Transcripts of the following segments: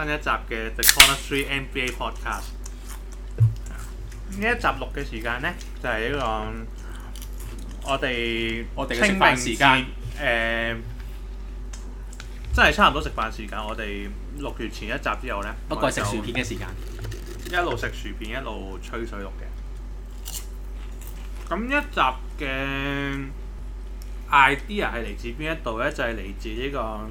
新一集嘅 The Corner Three NBA Podcast 呢一集錄嘅時間呢，就係呢個我哋我哋食飯時間真係差唔多食飯時間。呃、時間我哋六月前一集之後咧，不過係食薯片嘅時間，一路食薯片一路吹水錄嘅。咁一集嘅 idea 係嚟自邊一度咧？就係嚟自呢個。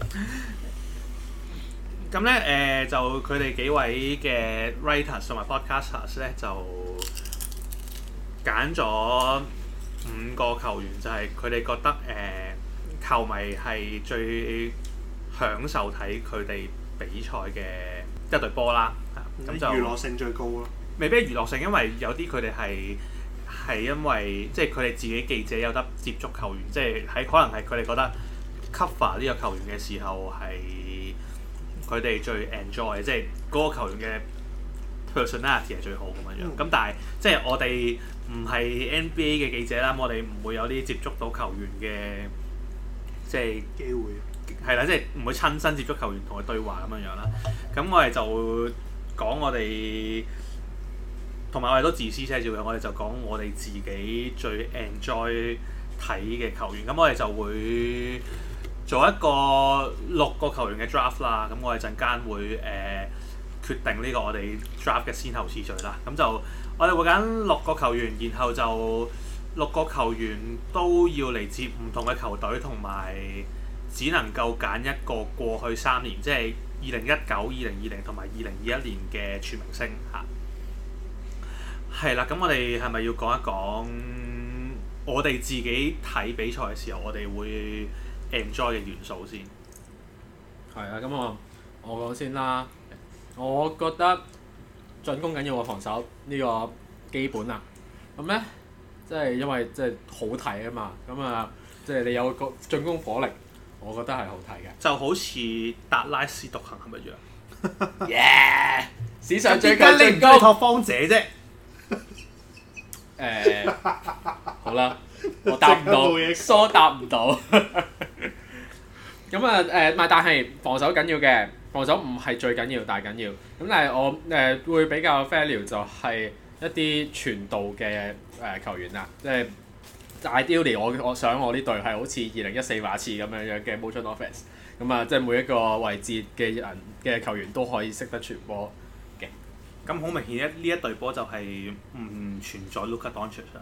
咁咧誒，就佢哋幾位嘅 writers 同埋 podcasters 咧，就揀咗五個球員，就係佢哋覺得誒、呃、球迷係最享受睇佢哋比賽嘅一隊波啦。咁、啊、就娛樂性最高咯。未必係娛樂性，因為有啲佢哋係係因為即係佢哋自己記者有得接觸球員，即係喺可能係佢哋覺得。cover 呢個球員嘅時候係佢哋最 enjoy，即係嗰個球員嘅 personality 係最好咁樣樣。咁但係即係我哋唔係 NBA 嘅記者啦，我哋唔會有啲接觸到球員嘅即係機會，係啦，即係唔會親身接觸球員同佢對話咁樣樣啦。咁我哋就講我哋同埋我哋都自私些少嘅，我哋就講我哋自己最 enjoy 睇嘅球員，咁我哋就會。做一個六個球員嘅 draft 啦，咁我哋陣間會誒、呃、決定呢個我哋 draft 嘅先後次序啦。咁就我哋會揀六個球員，然後就六個球員都要嚟自唔同嘅球隊，同埋只能夠揀一個過去三年，即係二零一九、二零二零同埋二零二一年嘅全明星吓。係啦，咁我哋係咪要講一講我哋自己睇比賽嘅時候，我哋會 enjoy 嘅元素先，係啊，咁我我講先啦，我覺得進攻緊要過防守呢個基本啊，咁咧即係因為即係、就是、好睇啊嘛，咁啊即係你有個進攻火力，我覺得係好睇嘅，就好似達拉斯獨行係咪樣耶！ Yeah! 史上最佳進攻拓荒者啫，誒，好啦，我答唔到，疏 答唔到。 咁啊，誒咪但係防守緊要嘅，防守唔係最緊要，但係緊要。咁但係我誒、呃、會比較 value 就係一啲傳導嘅誒、呃、球員啦，即係 ideally 我我想我呢隊係好似二零一四話似咁樣樣嘅 motion offense 咁、嗯、啊即係每一個位置嘅人嘅球員都可以識得傳波嘅。咁好明顯一呢一隊波就係唔存在 Luka Doncic。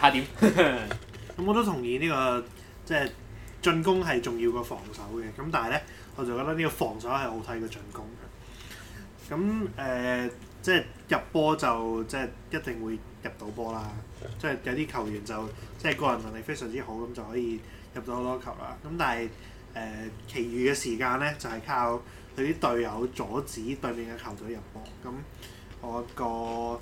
下點？咁 我都同意呢、這個即係。就是進攻係重要過防守嘅，咁但係呢，我就覺得呢個防守係好睇過進攻嘅。咁誒、呃，即係入波就即係一定會入到波啦。即係有啲球員就即係個人能力非常之好，咁就可以入到好多球啦。咁但係誒，呃、其餘餘嘅時間呢，就係、是、靠佢啲隊友阻止對面嘅球隊入波。咁我個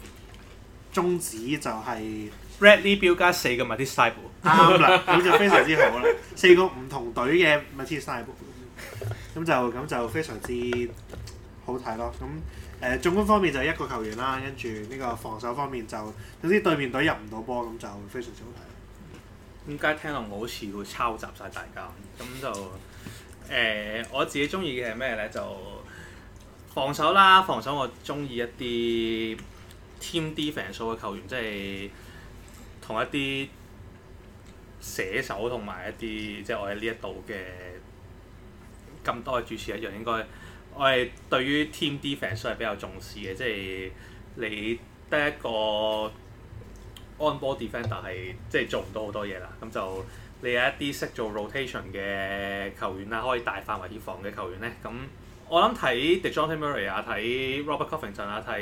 宗旨就係 Bradley Beal 加四個 Matisse Thybulle 咁就非常之好啦。四個唔同隊嘅 Matisse Thybulle 咁就咁就非常之好睇咯。咁誒進攻方面就一個球員啦，跟住呢個防守方面就總之對面隊入唔到波，咁就非常之好睇。點解聽落我好似會抄襲晒大家？咁就誒、呃、我自己中意嘅係咩咧？就防守啦，防守我中意一啲。添啲防守嘅球員即係同一啲射手同埋一啲，即係我喺呢一度嘅咁多嘅主持一樣應該，我係對於 team 啲防守係比較重視嘅，即係你得一個安波 defender 係即係做唔到好多嘢啦，咁就你有一啲識做 rotation 嘅球員啊，可以大範圍掩防嘅球員咧，咁。我諗睇 Dejounte Murray 啊，睇 Robert Covington 啊，睇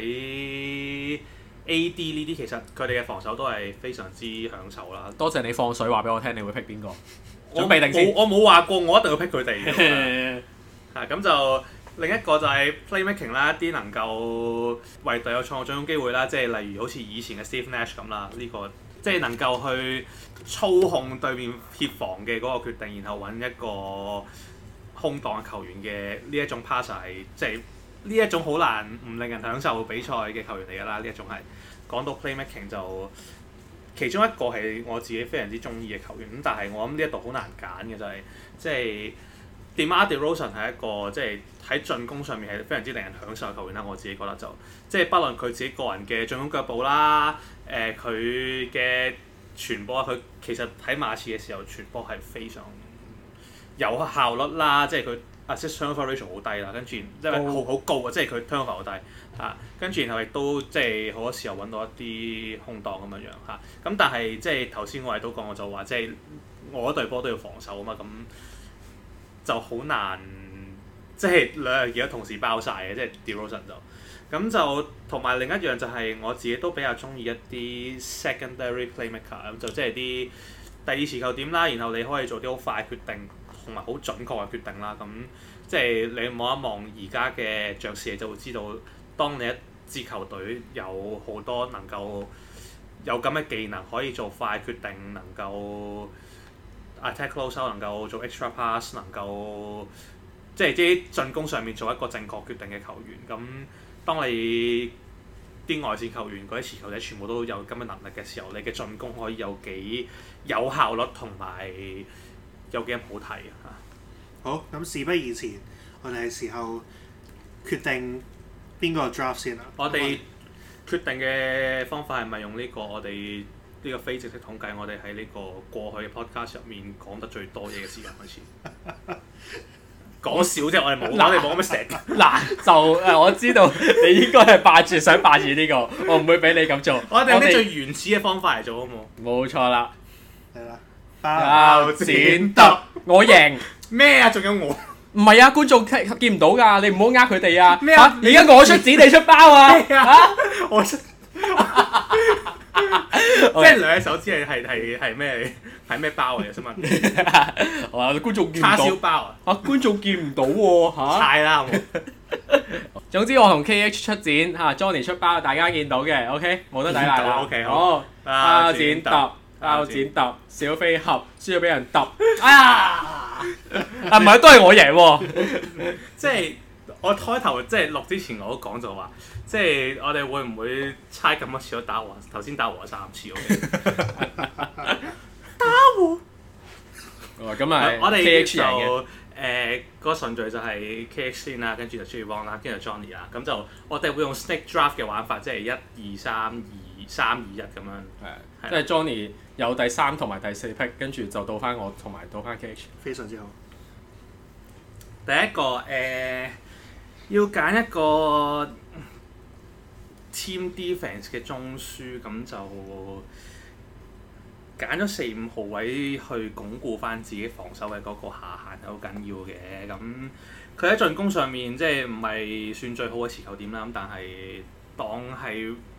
AD 呢啲其實佢哋嘅防守都係非常之享受啦。多謝，謝你放水話俾我聽，你會 pick 邊個？我未定先，我冇話過，我一定要 pick 佢哋。嚇，咁、 啊、就另一個就係 Playmaking 啦，啲能夠為隊友創造總機會啦，即係例如好似以前嘅 Steve Nash 咁啦，呢、呢個即係能夠去操控對面協防嘅嗰個決定，然後揾一個。空檔嘅球員嘅呢一種 passer、er、係即係、就、呢、是、一種好難唔令人享受比賽嘅球員嚟㗎啦，呢一種係講到 playmaking 就其中一個係我自己非常之中意嘅球員咁，但係我諗呢一度好難揀嘅就係、是、即係、就是、DeMar DeRozan 係一個即係喺進攻上面係非常之令人享受嘅球員啦，我自己覺得就即係、就是、不論佢自己個人嘅進攻腳步啦，誒佢嘅傳波，佢其實喺馬刺嘅時候傳波係非常有效率啦，即係佢 assist turnover ratio 好低啦，跟住、oh. 即係好好高啊，即係佢 turnover 好低嚇，跟住然後亦都即係好多時候揾到一啲空檔咁樣樣嚇。咁、啊、但係即係頭先我喺度講，就我就話即係我一隊波都要防守啊嘛，咁、嗯、就好難即係兩樣嘢同時爆晒嘅，即係 destruction 就咁、啊、就同埋另一樣就係我自己都比較中意一啲 secondary playmaker 咁、啊，就即係啲第二次球點啦，然後你可以做啲好快決定。同埋好準確嘅決定啦，咁即係你望一望而家嘅爵士，你就會知道，當你一支球隊有好多能夠有咁嘅技能，可以做快決定，能夠 attack closeout，能夠做 extra pass，能夠即係啲進攻上面做一個正確決定嘅球員。咁當你啲外線球員嗰啲持球者全部都有咁嘅能力嘅時候，你嘅進攻可以有幾有效率同埋，有幾咁好睇啊！好，咁事不宜遲，我哋係時候決定邊個 draft 先啦。我哋決定嘅方法係咪用呢個我哋呢個非正式統計？我哋喺呢個過去嘅 podcast 入面講得最多嘢嘅時間開始講笑啫，我哋冇攬嚟冇咩成。嗱啦就，誒，我知道你應該係霸住 想霸住呢個，我唔會俾你咁做。我哋用啲最原始嘅方法嚟做好冇？冇錯啦。包剪刀，我贏咩啊？仲有我？唔係啊，觀眾睇見唔到噶，你唔好呃佢哋啊！咩啊？而家我出剪，你出包啊？我出，即係兩隻手指係係係係咩？係咩包嚟？想問，觀眾見唔到叉燒包啊？觀眾見唔到喎吓，太啦！總之我同 KH 出剪吓，Johnny 出包，大家見到嘅，OK，冇得抵賴啦。好，包剪刀。包剪揼，小飛俠輸要俾人揼，哎呀，唔係都係我贏喎，即係我開頭即係錄之前我都講就話，即係我哋會唔會猜咁多次打和，頭先打和三次，打和。哦咁啊，我哋就誒個順序就係 K x 先啦，跟住就 Judy Wong 啦，跟住就 Johnny 啦，咁就我哋會用 Snake Draft 嘅玩法，即係一二三二三二一咁樣，即係 Johnny。有第三同埋第四 pick，跟住就到翻我同埋到翻 K H，非常之好。第一個誒、呃，要揀一個 team defense 嘅中鋒，咁就揀咗四五號位去鞏固翻自己防守嘅嗰個下限，係好緊要嘅。咁佢喺進攻上面即係唔係算最好嘅持球點啦，咁但係當係。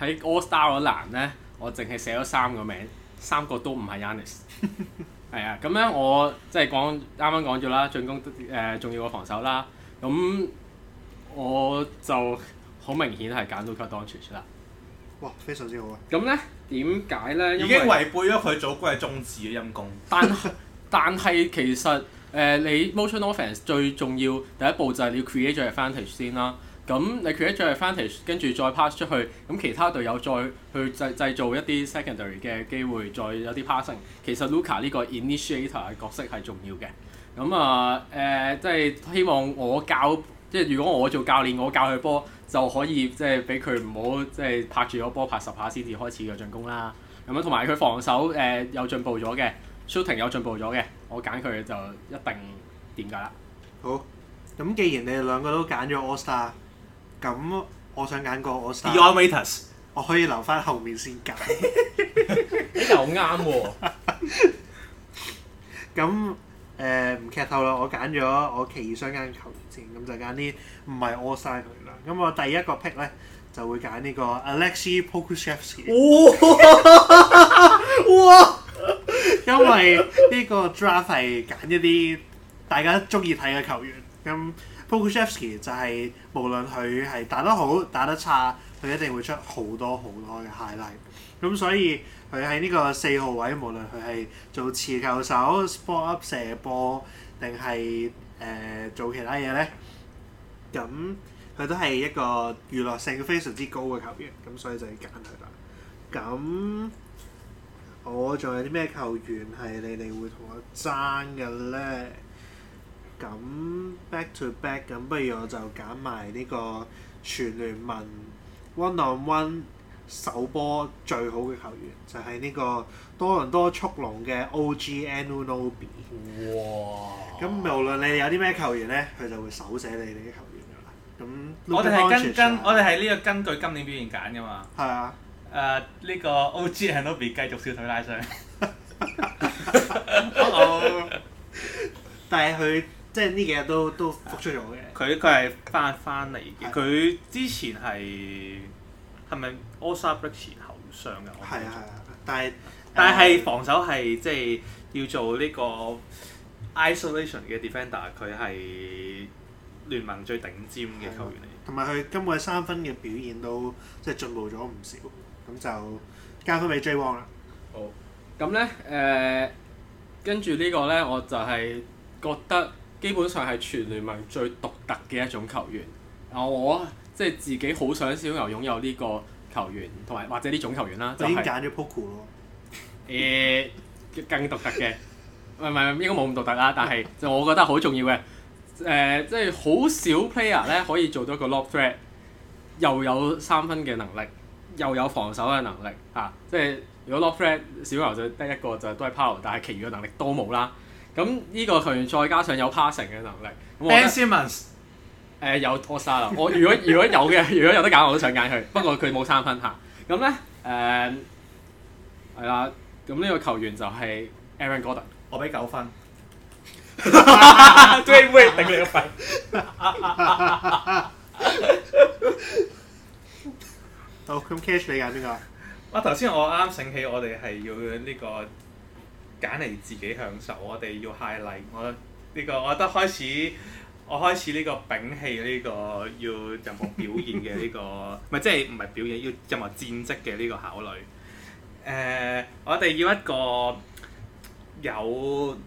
喺 All Star 嗰欄咧，我淨係寫咗三個名，三個都唔係 Yanis。係啊， 咁、嗯、咧我即係講啱啱講咗啦，進攻誒、呃、重要過防守啦。咁、嗯、我就好明顯係揀到 Doncic 出啦。哇，非常之好啊！咁咧點解咧？呢已經違背咗佢祖國嘅宗旨嘅陰功。但 但係其實誒、呃，你 Motion offense 最重要第一步就係你要 create 咗嘅 advantage 先啦。咁你佢一再係翻 a 跟住再 pass 出去，咁其他隊友再去製製造一啲 secondary 嘅機會，再有啲 passing。其實 Luka 呢個 initiator 嘅角色係重要嘅。咁、嗯、啊，誒、呃，即係希望我教，即係如果我做教練，我教佢波就可以，即係俾佢唔好即係拍住個波拍十下先至開始嘅進攻啦。咁樣同埋佢防守誒有進步咗嘅，shooting 有進步咗嘅，我揀佢就一定點解啦。好，咁既然你哋兩個都揀咗 All Star。咁、嗯、我想揀個 all star，s 我可以留翻後面先揀、 嗯，呢個好啱喎。咁誒唔劇透啦，我揀咗我奇異想揀嘅球員先，咁就揀啲唔係 all star 佢啦。咁我第一個 pick 咧就會揀呢個 Alexey Pokusevski 哇！ 哇 因為呢個 draft 係揀一啲大家鍾意睇嘅球員咁。Golovshensky 就係無論佢係打得好，打得差，佢一定會出好多好多嘅 highlight。咁所以佢喺呢個四號位，無論佢係做持球手、spot up 射波定係誒做其他嘢咧，咁佢都係一個娛樂性非常之高嘅球員。咁所以就要揀佢啦。咁我仲有啲咩球員係你哋會同我爭嘅咧？咁 back to back 咁，不如我就揀埋呢個全聯盟 one on one 首波最好嘅球員，就係、是、呢個多倫多速龍嘅 OG Anunoby。哇！咁無論你哋有啲咩球員咧，佢就會手寫你哋嘅球員噶啦。咁我哋係根根，我哋係呢個根據今年表現揀噶嘛。係啊。誒呢、uh, 個 OG Anunoby 繼續小腿拉傷，Hello。 uh oh. 但係佢。即係呢幾日都都復出咗嘅。佢佢係翻翻嚟嘅。佢的之前係係咪 All Star Break 前後上嘅？係啊係啊，但係但係防守係即係要做呢個 isolation 嘅 defender。佢係聯盟最頂尖嘅球員嚟。同埋佢今季三分嘅表現都即係、就是、進步咗唔少，咁就加分俾 J 王啦。好，咁咧，誒、呃、跟住呢個咧，我就係覺得。基本上係全聯盟最獨特嘅一種球員。我即係自己好想小牛擁有呢個球員同埋或者呢種球員啦。就是、已揀咗 Pau 咯。誒，更獨特嘅，唔係唔係應該冇咁獨特啦。但係就我覺得好重要嘅，誒、呃、即係好少 player 咧可以做到一個 lob threat 又有三分嘅能力，又有防守嘅能力嚇、啊。即係如果 lob threat 小牛就得一個就都係 Powell，但係其餘嘅能力都冇啦。咁呢個球員再加上有 passing 嘅能力，Ben Simmons、呃、有拖沙漏，Star，我如果如果有嘅，如果有得揀，我都想揀佢。不過佢冇三分嚇。咁咧誒，係、嗯、啦。咁、嗯、呢個球員就係 Aaron Gordon，我俾九分。對唔對？頂你個肺！Oklahoma 你揀邊個？啊、我頭先我啱啱醒起，我哋係要呢、呢個。揀嚟自己享受，我哋要 high level。我、這、呢個，我覺得開始，我開始呢、這個摒棄呢、這個要任何表演嘅呢個，唔係 即係唔係表演，要任何戰績嘅呢個考慮。誒、呃，我哋要一個有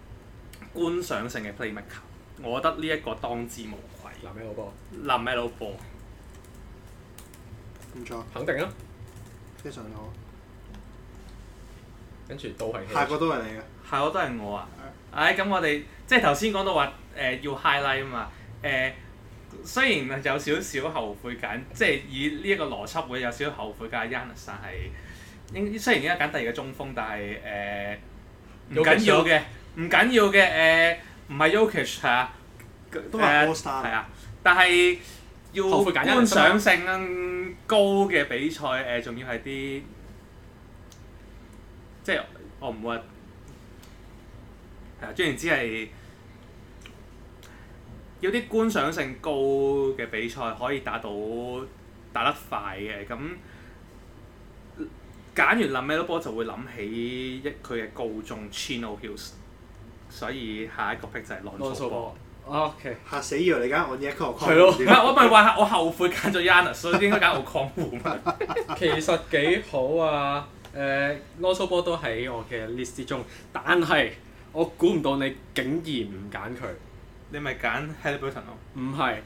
觀賞性嘅 play m a t e h 我覺得呢一個當之無愧。林咩佬波。林咩佬波。唔錯。肯定啦。非常好。跟住都係下個都係你嘅，下個都係我啊！唉的，咁、哎、我哋即係頭先講到話誒、呃、要 highlight 啊嘛，誒、呃、雖然有少少後悔揀，即係以呢一個邏輯會有少少後悔嘅。Yanis 係應雖然而家揀第二個中鋒，但係誒唔緊要嘅，唔緊要嘅誒唔係 Jokic 係啊誒係啊，都呃、但係要揀觀賞察性高嘅比賽誒，仲、呃呃、要係啲。即係我唔會係，雖然只係有啲觀賞性高嘅比賽可以打到打得快嘅。咁揀完 LaMelo 波就會諗起一佢嘅高中 Chino Hills，所以下一個 pick 就係 Lonzo 波。OK，嚇死以為你而家 on yet c a 我唔係話我後悔揀咗 Giannis， 所以應該揀我抗湖。 其實幾好啊！誒，囉嗦波都喺我嘅 list 之中，但係我估唔到你竟然唔揀佢。你咪揀 Haliburton 咯？唔係，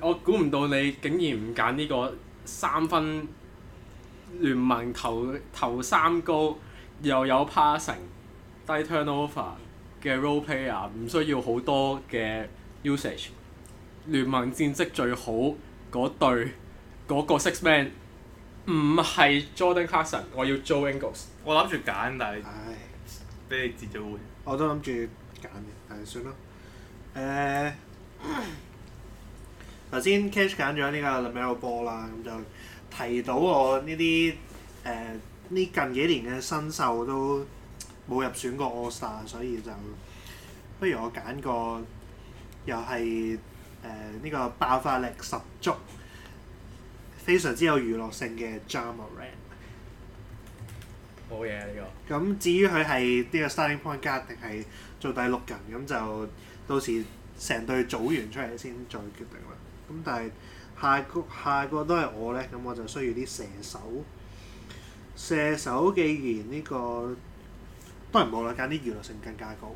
我估唔到你竟然唔揀呢個三分聯盟頭頭三高又有 passing 低 turnover 嘅 role player，唔需要好多嘅 usage，聯盟戰績最好嗰隊嗰個 six man。唔係 Jordan Clarkson，我要 Joe Ingles。我諗住揀，但係，唉，俾你截咗會。我都諗住揀嘅，但係算啦。誒、呃，頭先 Cash 揀咗呢個 LaMelo Ball 波啦，咁就提到我呢啲誒呢近幾年嘅新秀都冇入選過 All Star，所以就不如我揀個又係誒呢個爆發力十足。非常之有娛樂性嘅 Ja Morant 冇嘢呢、這個。咁至於佢係呢個 Starting Point 加定係做第六人，咁就到時成隊組完出嚟先再決定啦。咁但係下個下個都係我咧，咁我就需要啲射手。射手既然呢、這個當然冇啦，揀啲娛樂性更加高，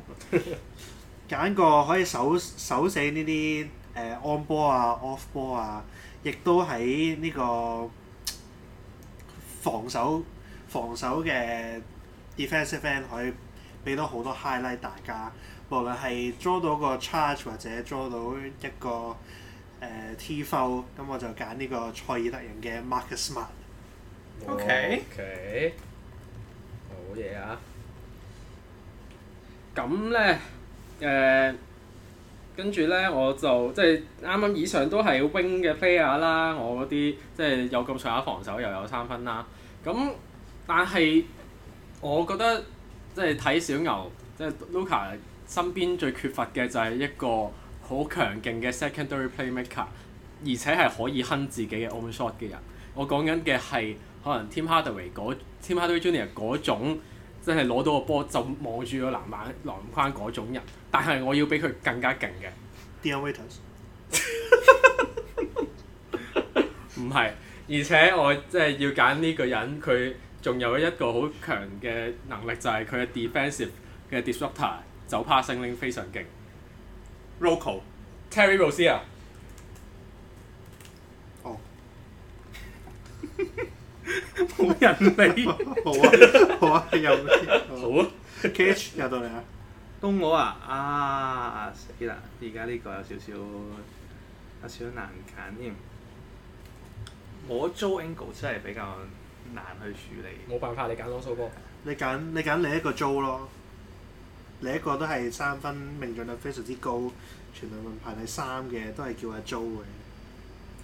揀 個可以守守死呢啲誒 on ball 啊 off ball 啊。Off 亦都喺呢個防守防守嘅 defensive fan 可以俾到好多 highlight 大家，無論係捉到個 charge 或者捉到一個誒、呃、T foul 咁我就揀呢個賽爾特人嘅 Marcus Smart、哦。O K O K 好嘢棒啊！咁咧誒。呃跟住咧，我就即係啱啱以上都係要 wing 嘅飛壓啦，我嗰啲即係有咁上下防守，又有三分啦。咁但係我覺得即係睇小牛，即係 Luka 身邊最缺乏嘅就係一個好強勁嘅 secondary playmaker，而且係可以哼自己嘅 own shot 嘅人。我講緊嘅係可能 Tim Hardaway 嗰 Tim Hardaway Jr 嗰種。真係攞到個波就望住個籃板籃框嗰種人，但係我要比佢更加勁嘅。Dion Waiters 唔係，而且我即係要揀呢個人，佢仲有一個好強嘅能力，就係、是、佢嘅 defensive 嘅 disruptor，走 passing lane，非常勁。Roko Terry Rozier、oh. 冇人理，好啊，好啊，又好啊，catch 入到嚟啊！到我啊，啊死啦！而家呢個有少少有少少難揀添。我 Joe Ingles 真係比較難去處理，冇辦法，你揀嗰首歌。你揀你揀你一個 Joe 咯，你一個都係三分命中率非常之高，全聯盟排第三嘅，都係叫阿 Joe 嘅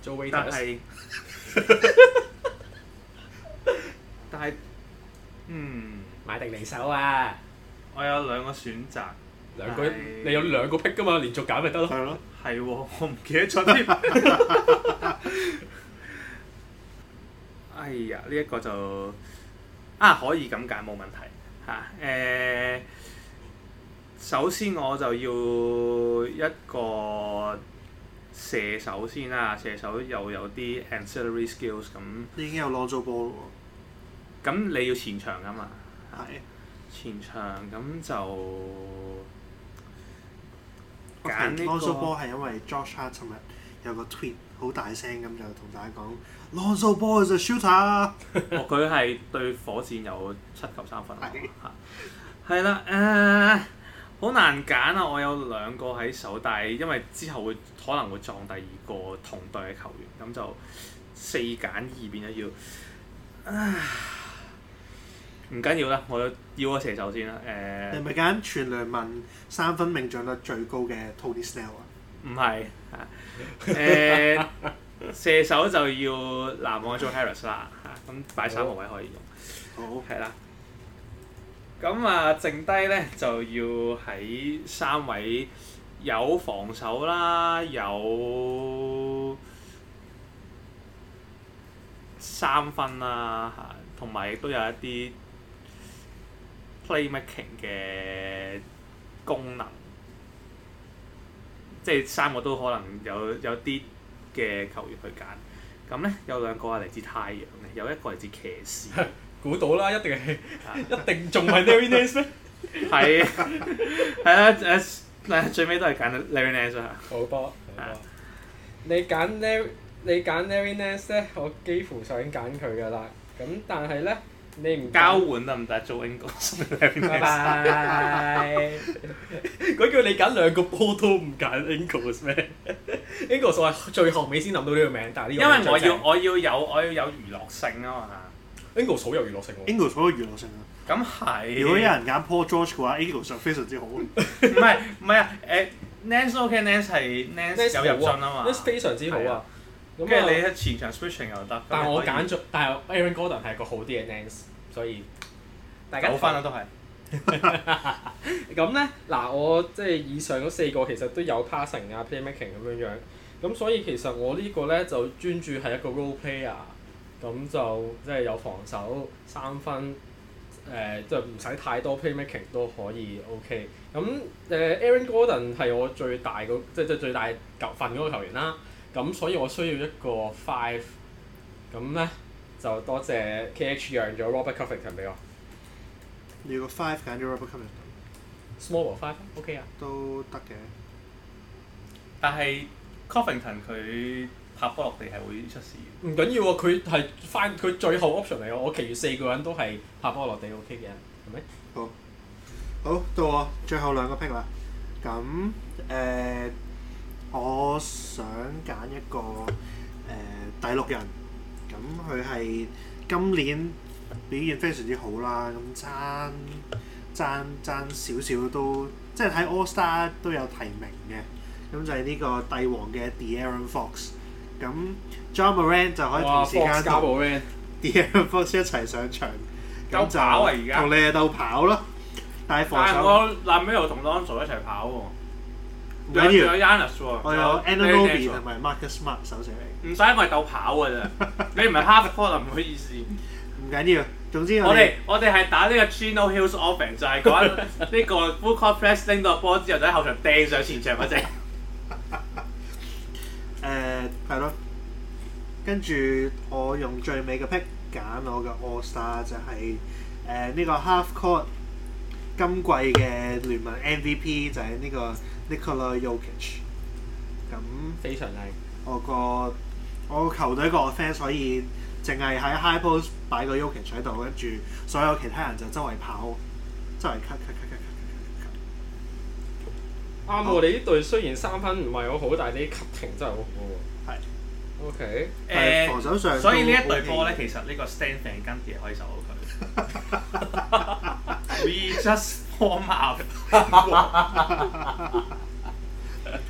Joe，但係。定嚟手啊！我有兩個選擇，兩個你有兩個 pick 噶嘛，連續揀咪得咯。係咯。係喎，我唔記得咗添。哎呀，呢一個就啊，可以咁揀冇問題嚇。誒，首先我就要一個射手先啦，射手又有啲 ancillary skills 咁。你已經有朗佐波咯喎！咁你要前場噶嘛？係是前場咁就揀。r u s okay, s e 波係因為 Josh Hart 尋日有個 tweet 好大聲咁就同大家講 Lonzo 波就 shooter 哦。佢係對火箭有七球三分啊！係啦，誒，好、uh, 難揀啊！我有兩個喺手，但係因為之後會可能會撞第二個同隊嘅球員，咁就四揀二變咗要、uh, 唔緊要啦，我要個射手先啦，誒、呃。你係咪揀全聯盟三分命中率最高嘅 Tony Snell 啊？唔係，誒、啊、射、啊、手就要籃網嘅 Joe Harris 啦，嚇、啊，咁擺三個位可以用。好。係啦。咁啊，剩低咧就要喺三位有防守啦，有三分啦，嚇、啊，同埋亦都有一啲。Playmaking 嘅功能，即係三個都可能有有啲嘅球員去揀。咁咧有兩個係嚟自太陽嘅，有一個嚟自騎士。估 到啦，一定係 一定仲係 Nerviness 咩？係係啦誒，最尾都係揀 Nerviness 啊！好多好多， 你揀 N 你揀 Nerviness 咧，我幾乎想揀佢㗎喇。咁但係咧。你唔交換得唔得做 Ingles。拜拜。佢叫你揀兩個波都唔揀 Ingles 咩？Ingles 我係最後尾先諗到呢個名，但係呢個正正因為我要我要有我要有娛樂性啊嘛。Ingles 好有娛樂性喎。Ingles 好有娛樂性啊。咁係、啊。 如果有人揀 Paul George 嘅話，Ingles 就非常之好。唔係唔係啊，誒 Nance, OK, Nance 係，Nance 有入樽啊嘛，非常之好啊。跟住你喺前場 switching 又得，但係我揀咗，但係 Aaron Gordon 係個好啲嘅 n a n c e 所以扭翻啦都係。咁咧嗱，我即係以上嗰四個其實都有 passing 啊，playmaking 咁樣樣。咁所以其實我個呢個咧就專注係一個 role player，咁就即係有防守三分，即、呃、就唔使太多 playmaking 都可以 OK。咁誒、呃、Aaron Gordon 係我最大個，即係即係最大球份嗰個球員啦。咁所以我需要一個 five，咁咧就多謝 KH 讓咗 Robert Covington 俾我。你要 five 揀咗 Robert Covington，smaller five OK 啊？都得嘅。但係 Covington 佢拍波落地係會出事。唔緊要喎，佢係翻佢最後 option 嚟喎，我其餘四個人都係拍波落地 OK 嘅人，係咪？好，好到啊，最後兩個 pick 啦，咁誒。我想揀一個誒、呃、第六人，咁佢係今年表現非常之好啦，咁爭爭爭少少都，即係喺 All Star 都有提名嘅，咁、嗯、就係、是、呢個帝王嘅 D'Aaron Fox，咁、嗯、John Morant 就可以同時間同 D'Aaron Fox 一齊上場，咁就同、啊、你哋到跑咯，但係防守，男朋友同 Lonzo 一齊跑喎。我有 Giannis 喎，我有 Anunoby 同埋 Marcus Smart 守上嚟。唔使，我係鬥跑嘅啫。你唔係 half court 就唔好意思。唔緊要，總之我哋我哋係打呢個 Chino Hills offense，就係講呢個 full court press 拎到個波之後，喺後場掟上前場嗰隻。誒係咯，跟住我用最尾嘅 pick 揀我嘅 All Star，就係誒呢個 Half Court 今季嘅聯盟 MVP 就係呢個。Nikola Jokic，咁非常靚。我個我個球隊個 fans，所以淨係喺 high post 擺個 Jokic 喺度，跟住所有其他人就周圍跑，周圍 cut cut cut cut cut cut cut cut。啱喎，我哋呢隊雖然三分唔係好好，但係啲 cutting 真係好好喎。係。OK。誒，防守上所以呢一隊波咧，其實呢個 stand 定跟住可以守到佢。We just form out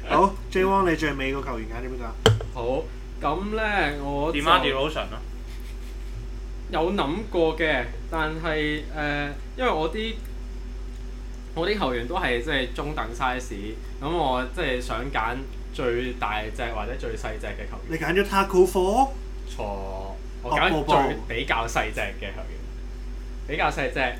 好 J Wong 你最尾個球員揀啲乜嘢啊？好，咁咧我。d y l a n i o n 有諗過嘅，但係誒、呃，因為我啲我啲球員都係即係中等 size，咁我即係想揀最大隻或者最細隻嘅球員。你揀咗 Tacko Fall？錯，我揀咗最比較細隻嘅球員，比較細隻。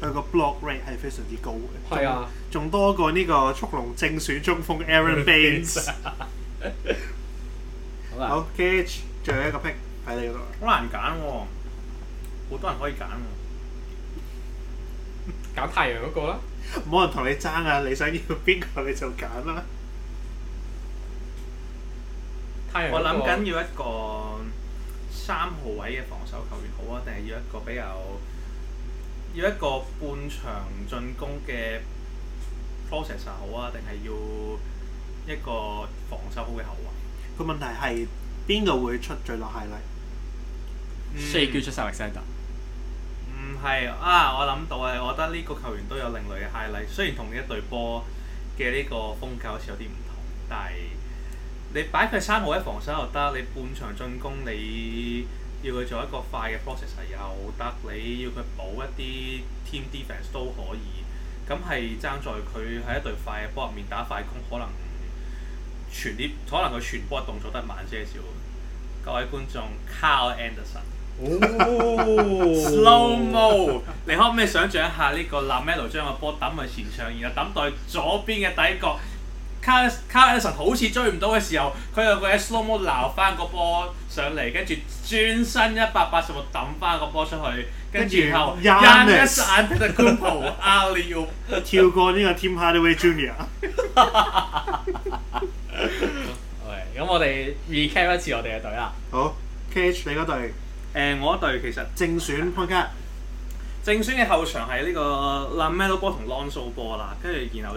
佢個 block rate 係非常之高嘅，仲仲多過呢個速龍正選中鋒 Aron Baynes。好，K H，仲有一個 pick 喺你嗰度，好難揀喎，好多人可以揀喎，揀太陽嗰個啦，冇人同你爭啊！你想要邊個你就揀啦。太陽，我諗緊要一個三號位嘅防守球員好啊，定係要一個比較。要一個半場進攻嘅 process 好啊，定係要一個防守好嘅後衞？個問題係邊度會出最落 highlight？所以叫出塞維唔係啊！我諗到啊。我覺得呢個球員都有另類嘅 highlight。雖然同呢一隊波嘅呢個風格好似有啲唔同，但係你擺佢三號喺防守又得，你半場進攻你。要佢做一個快嘅 process 又得，你要佢補一啲 team defense 都可以，咁係爭在佢喺一隊快嘅波入面打快攻，可能傳啲可能佢傳波動作得慢些少。各位觀眾，Carl Anderson，oh, slow mo，你可唔可以想象一下呢個 Lamelo 將個波抌去前場，然後等待左邊嘅底角？卡卡爾森好似追唔到嘅時候，佢有個 slow mo 撈翻個波上嚟，跟住轉身一百八十度掟翻個波出去，跟住後 Giannis Antetokounmpo 跳過呢個 Tim Hardaway Junior。咁我哋 recap 一次我哋嘅隊啦。好，KH 你嗰隊？ 呃、我嗰隊其實正選 point guard 正選嘅後場係呢個 LaMelo 波同 Lonzo 波啦，跟住然後。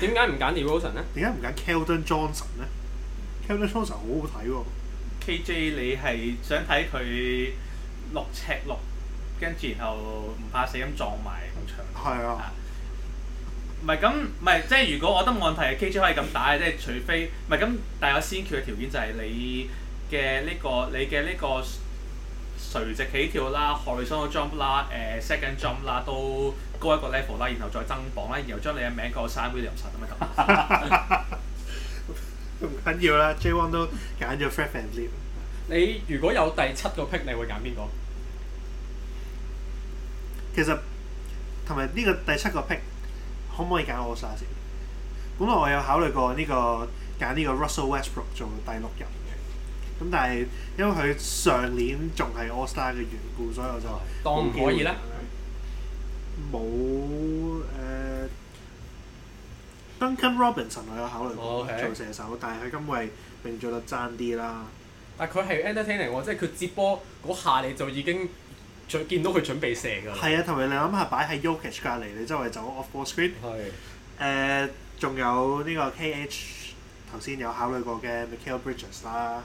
點解唔揀 Devotion 咧？點解唔揀 Keldon Johnson 咧？Keldon Johnson 好好睇喎。KJ 你係想睇佢六尺六，跟住然後唔怕死咁撞埋牆。係啊。唔係咁，唔係即係如果我覺得問題係 KJ 可以咁打，即係除非唔係咁，但係有先決嘅條件就係你嘅呢個，你嘅呢個。垂直起跳啦，何瑞生都 jump 啦，誒 second jump 啦，都高一個 level 啦，然後再增磅啦，然後將你嘅名改到 Zion Williamson 咁樣咁唔緊要啦。J One 都揀咗 Fred VanVleet。你如果有第七個 pick，你會揀邊個？其實同埋呢個第七個 pick，可唔可以揀 Osaka 先？本來我有考慮過呢、這個揀呢個 Russell Westbrook、ok、做第六人。咁但係因為佢上年仲係 all star 嘅緣故，所以我就唔可以啦。冇誒、呃、Duncan Robinson 我有考慮過、哦 okay. 做射手，但係佢今季命中率爭啲啦。但係佢係 entertaining 喎、哦，即係佢接波嗰下你就已經準見到佢準備射㗎。係、嗯、啊，同埋你諗下，擺喺 Yokich、ok、隔離，你周圍走 off ball screen 係誒，仲是、呃、有呢個 K H 頭先有考慮過嘅 Michael Bridges 啦。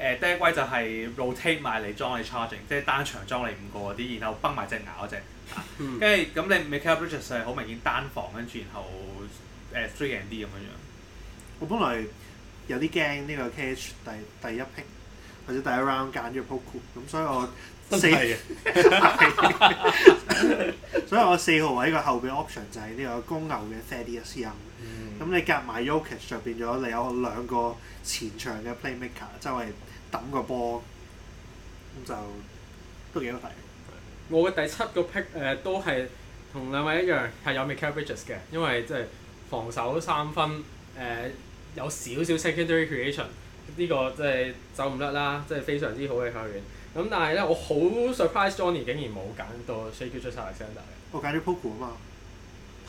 誒，第一季就係 rotate 埋嚟裝你 charging，即係單場裝你五個嗰啲，然後崩埋隻牙嗰隻。跟住咁你 Mikal Bridges 係好明顯單防，跟住然後誒 three and D 咁樣樣。我本來有啲驚呢個 cage 第第一 pick 或者第一 round 揀咗 Poco，咁所以我。 四，所以我四號位個後邊 option 就係呢個公牛嘅 Thaddeus Young，咁、嗯、你夾埋 Yokic、ok、上邊咗，你有兩個前場嘅 Playmaker，即係揼個波，咁就都幾好睇。我嘅第七個 pick 誒、呃，都係同兩位一樣，係有 Mikal Bridges 嘅，因為即係防守三分，誒、呃、有少少 secondary creation。呢個即係走唔甩啦，即係非常之好嘅球員。咁但係咧，我好 surprise Johnny 竟然冇揀到 Shai Gilgeous-Alexander 我揀咗 Poole 啊嘛。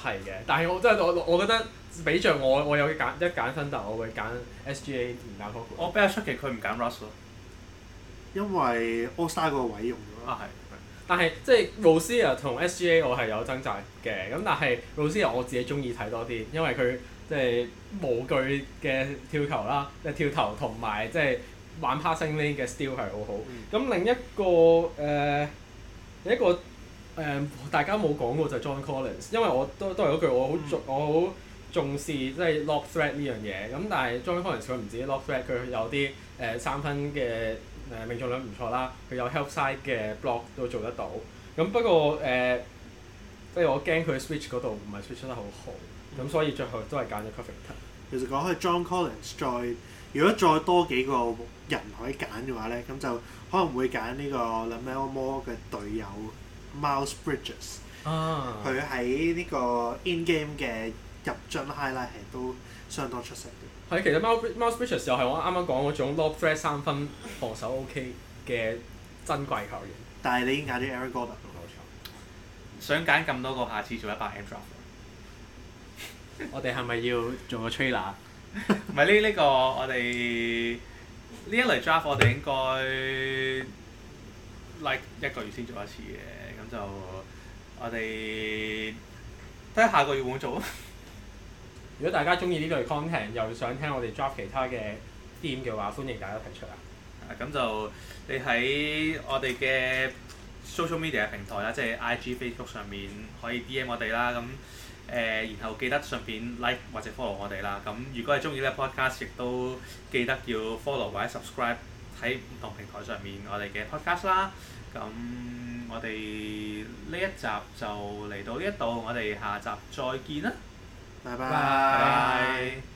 係嘅，但係我真係我我覺得比着我我有揀一揀分，特，我會揀 SGA 唔揀 Poole 我比較出奇，佢唔揀 Russ、啊、s 咯、啊，因為 Austin 個位用咗。啊係，但係即係 Luka 同 SGA 我係有掙扎嘅，咁但係 Luka 我自己中意睇多啲，因為佢。即係模具嘅跳球啦，即係跳投同埋即係玩 passing lane 嘅 style 係好好。咁、嗯、另一個誒、呃、一個誒、呃、大家冇講過就係 John Collins，因為我都都係嗰句，我好重、嗯、我好重視即係、就是、lock threat 呢樣嘢。咁但係 John Collins 佢唔止 lock threat，佢有啲誒、呃、三分嘅誒、呃、命中率唔錯啦，佢有 help side 嘅 block 都做得到。咁不過誒即係我驚佢 switch 度唔係 switch 得好好。咁所以最後都係揀咗科菲特。其實講開，John Collins 再如果再多幾個人可以揀嘅話咧，咁就可能會揀呢個 LaMelo Ball 嘅隊友 Miles Bridges，啊。佢喺呢個 in game 嘅入樽 highlight 都相當出色。係，其實 Miles Bridges 又係我啱啱講嗰種 low threat 三分防守 OK 嘅珍貴球員。但係你已經揀咗 Eric Gordon。冇錯。想揀咁多個，下次做一排 a 我哋係咪要做個 trailer 唔係呢？呢、呢個、呢個、我哋呢一類 draft 我哋應該 like 一個月先做一次嘅，咁就我哋睇下下個月會唔會做 如果大家中意呢類 content，又想聽我哋 draft 其他嘅店嘅話，歡迎大家提出啊！啊， 咁就你喺我哋嘅 social media 平台啦，即係 IG、Facebook 上面可以 DM 我哋啦，咁。誒、呃，然後記得順便 like 或者 follow 我哋啦。咁如果係鍾意呢 podcast，亦都記得要 follow 或者 subscribe 喺唔同平台上面我哋嘅 podcast 啦。咁我哋呢一集就嚟到呢一度，我哋下集再見啦。拜拜。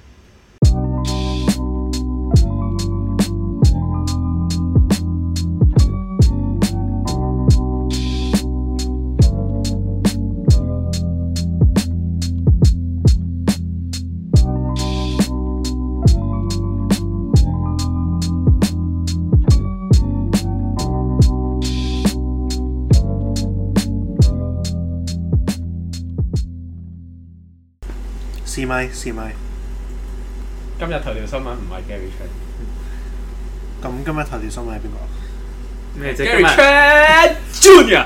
咪試咪，試今日頭條新聞唔係 Gary，咁 今日頭條新聞係邊個？咩啫 Gary，Junior？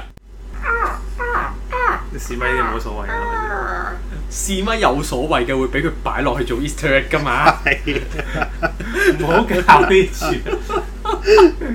你試咪冇所謂，試咪有所謂嘅會俾佢擺落去做 Easter egg 㗎嘛啊？冇咁諗啲嘢。